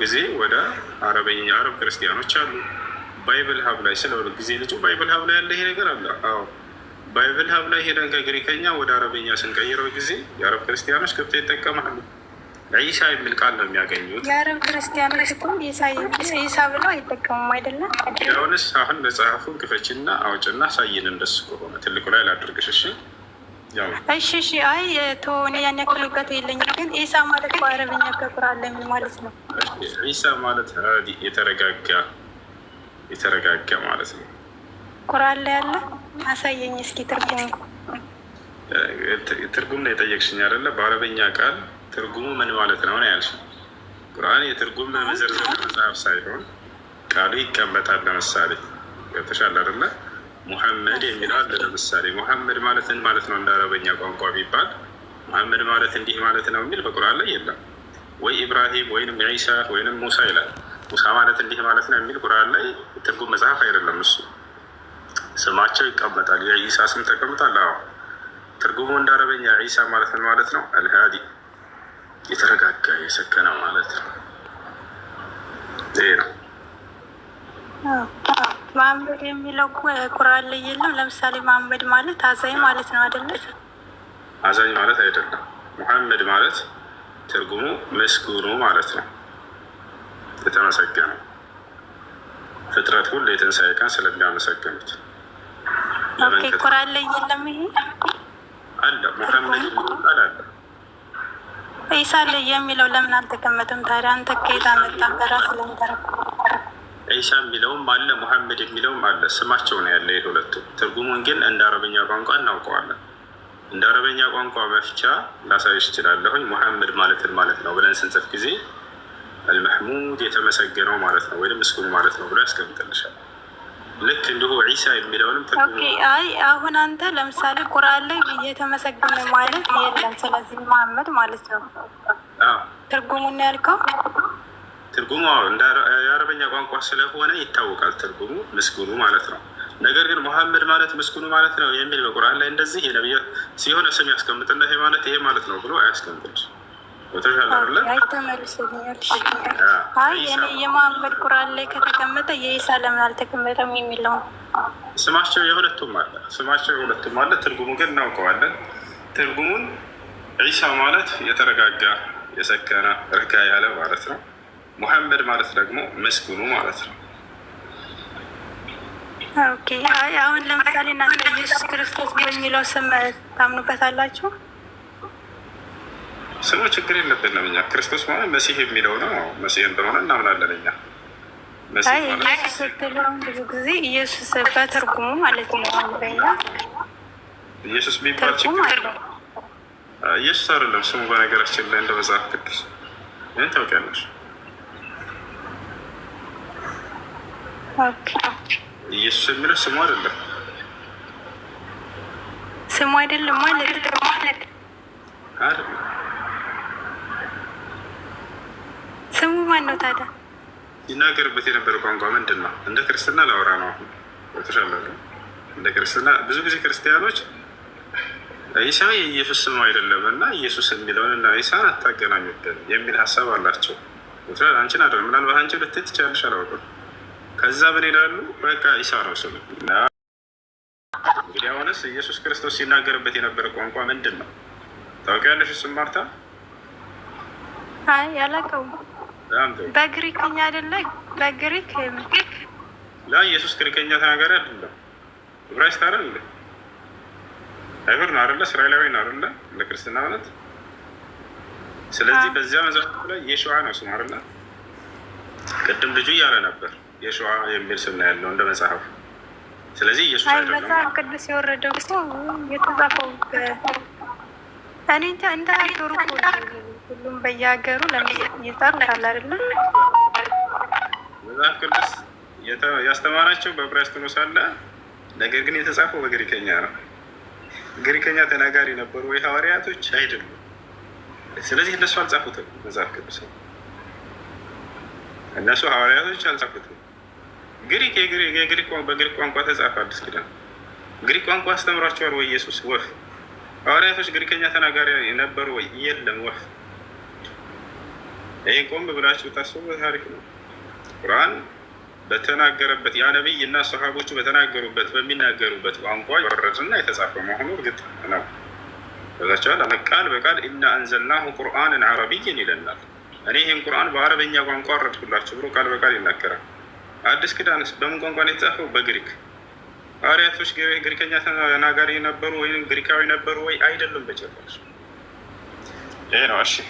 ጊዜ ወደ አረበኛ አረብ ክርስቲያኖች አሉ። ባይብል ሀብ ላይ ስለ ጊዜ ልጁ ባይብል ሀብ ላይ ያለ ይሄ ነገር አለ። አዎ ባይብል ሀብ ላይ ሄደን ከግሪከኛ ወደ አረበኛ ስንቀይረው ጊዜ የአረብ ክርስቲያኖች ክብተ ይጠቀማሉ። ለኢሳ የሚል ቃል ነው የሚያገኙት። የአረብ ክርስቲያኖች እኮ ኢሳ ብለው አይጠቀሙም አይደለም። ያውንስ አሁን መጽሐፉን ክፈችና አውጭና ሳይን እንደሱ ከሆነ ትልቁ ላይ ላድርግሽ እሺ እሺ እሺ። አይ ተወው፣ ያን ያክል እውቀት የለኝም። ግን ኢሳ ማለት በአረብኛ ከቁርአን ማለት ነው። ኢሳ ማለት የተረጋጋ የተረጋጋ ማለት ነው። ቁርአን ላይ አለ አሳየኝ እስኪ ትርጉሙ። ትርጉም ላይ ጠየቅሽኝ አይደለ? በአረብኛ ቃል ትርጉሙ ምን ማለት ነው ነው ያልሽ። ቁርአን የትርጉም መዘርዘር መጽሐፍ ሳይሆን ቃሉ ይቀመጣል። ለምሳሌ ገብተሻል አይደለ? ሙሐመድ የሚል አለ። ለምሳሌ ሙሐመድ ማለትን ማለት ነው እንደ አረበኛ ቋንቋ ቢባል ሙሐመድ ማለት እንዲህ ማለት ነው የሚል በቁርአን ላይ የለም። ወይ ኢብራሂም ወይንም ዒሳ ወይንም ሙሳ ይላል። ሙሳ ማለት እንዲህ ማለት ነው የሚል ቁርአን ላይ ትርጉም መጽሐፍ አይደለም። እሱ ስማቸው ይቀመጣል። የዒሳ ስም ተቀምጣል። አዎ ትርጉሙ እንደ አረበኛ ዒሳ ማለት ምን ማለት ነው? አልሃዲ የተረጋጋ የሰከነ ማለት ነው። ይሄ ነው። መሀመድ የሚለው ቁርአን ላይ የለም። ለምሳሌ መሀመድ ማለት አዛኝ ማለት ነው አይደለ? አዛኝ ማለት አይደለም። መሐመድ ማለት ትርጉሙ ምስጉኑ ማለት ነው፣ የተመሰገነው ፍጥረት ሁሉ የትንሣኤ ቀን ስለሚያመሰግኑት። ቁርአን ላይ የለም ይሄ አለ። መሐመድ አለ ኢሳ ላይ የሚለው ለምን አልተቀመጠም ታዲያ? አንተ ከየት አመጣ? በራስ ለምን ዒሳ የሚለውም አለ፣ ሙሐመድ የሚለውም አለ። ስማቸው ነው ያለ የሁለቱ። ትርጉሙን ግን እንደ አረበኛ ቋንቋ እናውቀዋለን። እንደ አረበኛ ቋንቋ መፍቻ ላሳይሽ እችላለሁኝ። ሙሐመድ ማለትን ማለት ነው ብለን ስንጽፍ ጊዜ አልመሕሙድ የተመሰገነው ማለት ነው ወይም ምስጉን ማለት ነው ብሎ ያስቀምጥልሻል። ልክ እንዲሁ ዒሳ የሚለውንም አይ አሁን አንተ ለምሳሌ ቁርአን ላይ የተመሰገነ ማለት የለም። ስለዚህ መሐመድ ማለት ነው ትርጉሙን ያልከው ትርጉሙ የአረበኛ ቋንቋ ስለሆነ ይታወቃል ትርጉሙ ምስጉኑ ማለት ነው። ነገር ግን መሐመድ ማለት ምስጉኑ ማለት ነው የሚል በቁርአን ላይ እንደዚህ የነቢዩ ሲሆነ ስም ያስቀምጥና ይሄ ማለት ይሄ ማለት ነው ብሎ አያስቀምጥም። የመሐመድ ቁርአን ላይ ከተቀመጠ የኢሳ ለምን አልተቀመጠም የሚለው ስማቸው የሁለቱም አለ ስማቸው የሁለቱም አለ። ትርጉሙ ግን እናውቀዋለን። ትርጉሙን ዒሳ ማለት የተረጋጋ የሰከነ እርጋ ያለ ማለት ነው። ሙሐመድ ማለት ደግሞ መስኩኑ ማለት ነው። አሁን ለምሳሌ እናንተ ኢየሱስ ክርስቶስ በሚለው ስም ታምኑበታላችሁ? ስሙ ችግር የለብንም እኛ ክርስቶስ ማለት መሲህ የሚለው ነው። መሲህም በሆነ እናምናለን እኛ ብዙ ጊዜ ኢየሱስ በትርጉሙ ማለት ነው። ኢየሱስ ቢባል ችግር ኢየሱስ አይደለም ስሙ በነገራችን ላይ እንደ መጽሐፍ ቅዱስ ምን ታውቂያለሽ ኢየሱስ የሚለው ስሙ አይደለም። ስሙ አይደለም ማለት ስሙ ማን ነው ታዲያ? ይናገርበት የነበረ ቋንቋ ምንድን ነው? እንደ ክርስትና ላወራ ነው ተሻለ። እንደ ክርስትና ብዙ ጊዜ ክርስቲያኖች ኢሳ የኢየሱስ ስም አይደለም እና ኢየሱስ የሚለውን እና ኢሳን አታገናኙብን የሚል ሀሳብ አላቸው። አንቺን አደ ምናልባት አንቺ ልትት ትችላለሽ አላውቅም እዛ ምን ይላሉ? በቃ ኢሳ ረሱል። እንግዲህ አሁንስ ኢየሱስ ክርስቶስ ሲናገርበት የነበረ ቋንቋ ምንድን ነው ታውቂያለሽ? እሱም ማርታ አይ ያላቀውም በግሪክኛ አይደለ? በግሪክ ላ ኢየሱስ ግሪክኛ ተናጋሪ አይደለም። ዕብራይስጥ አይደለ? አይሁድ ነው አይደለ? እስራኤላዊ ነው አይደለ? ለክርስትና ክርስትና እምነት ስለዚህ በዚያ መዘፍ ላይ የሸዋ ነው ስም አይደለ? ቅድም ልጁ እያለ ነበር የሸዋ የሚል ስም ነው ያለው እንደ መጽሐፉ። ስለዚህ ኢየሱስ አይደለም መጽሐፍ ቅዱስ የወረደው እኮ የተጻፈው እኔ እንደ ሀገሩ ሁሉም በየሀገሩ ይጠሩታል አይደለም መጽሐፍ ቅዱስ ያስተማራቸው በዕብራይስጥ ሳለ ነገር ግን የተጻፈው በግሪከኛ ነው። ግሪከኛ ተናጋሪ ነበሩ ወይ ሐዋርያቶች አይደሉም። ስለዚህ እነሱ አልጻፉትም መጽሐፍ ቅዱስ እነሱ ሐዋርያቶች አልጻፉትም። ግሪክ በግሪክ ቋንቋ ተጻፈ አዲስ ኪዳን። ግሪክ ቋንቋ አስተምሯቸዋል ወይ ኢየሱስ? ወፍ ሐዋርያቶች ግሪከኛ ተናጋሪ ነበሩ ወይ? የለም፣ ወፍ። ይህን ቆም ብላችሁ ታስቡ። ታሪክ ነው። ቁርአን በተናገረበት ያ ነቢይ እና ሰሃቦቹ በተናገሩበት በሚናገሩበት ቋንቋ የወረደና የተጻፈ መሆኑ እርግጥ ነው። በዛቸዋል ቃል በቃል ኢና አንዘልናሁ ቁርአንን አረቢይን ይለናል። እኔ ይህን ቁርአን በአረበኛ ቋንቋ አረድኩላችሁ ብሎ ቃል በቃል ይናገራል። አዲስ ኪዳንስ በምን ቋንቋ ነው የተጻፈው? በግሪክ። ሐዋርያቶች ግሪከኛ ተናጋሪ ነበሩ ወይም ግሪካዊ ነበሩ ወይ? አይደሉም በጭራሽ። ይሄ ነው። እሺ